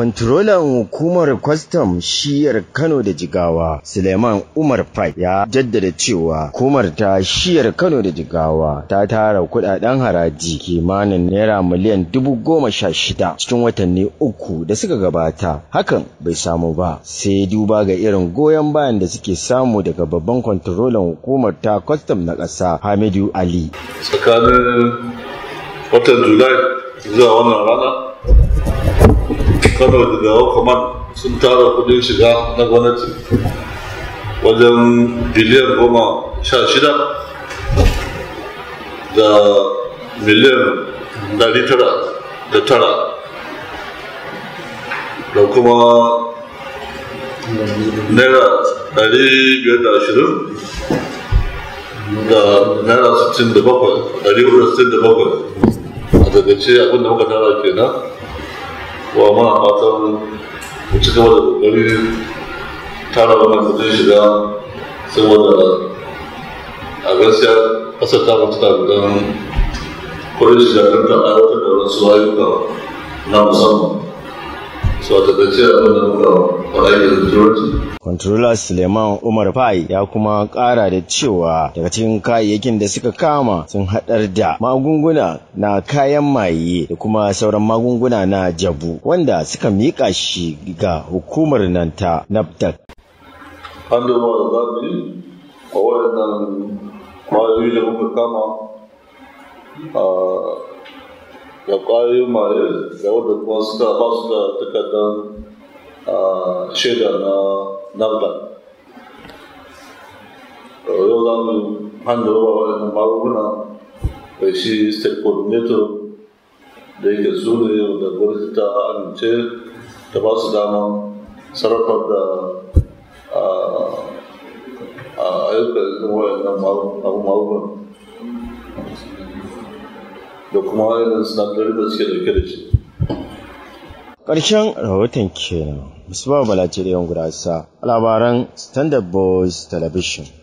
kwantrolan hukumar kwastam shiyar Kano da Jigawa, Suleiman Umar Fai ya jaddada cewa hukumar ta shiyar Kano da Jigawa ta tara kudaden haraji kimanin naira miliyan dubu goma sha shida cikin watanni uku da suka gabata. Hakan bai samu ba sai duba ga irin goyon bayan da suke samu daga babban kwantirolan hukumar ta kwastam na ƙasa Hamidu Ali. Tsakanin watan Julai zuwa wannan rana kano daga kamar sun tara kudin shiga na gwamnati wajen biliyan goma sha shida da miliyan dari tara da tara da kuma naira dari biyar da ashirin da naira sittin da bakwai dari hudu sittin da bakwai a daga ce abinda muka tara kenan wa fatan ku ci gaba da kokari tara wani kudin shiga saboda a gaskiya ƙasar ta mutu da kudin shiga don ta aiwatar da wasu ayyuka na musamman so da Controller Suleiman Umar Fai ya kuma ƙara da cewa daga cikin kayayyakin da suka kama sun haɗar da magunguna na kayan maye da kuma sauran magunguna na jabu wanda suka miƙa shi ga hukumar nan ta NAPTAC. An da ba da a waɗannan mayoyi da muka kama ah, jau kā jumā ir, varbūt mums tā balsta takadan şeyden navdan. Yoldan handova maruna ve shi istek koordinatör da yake zuri da gwamnati ta amince ta ba su daman sarrafar da ayyukan wayannan abubuwan da kuma irin sinadarai da suke dauke da shi ƙarshen rahoton kenan ba balajiriyan gurasa labaran standard boys television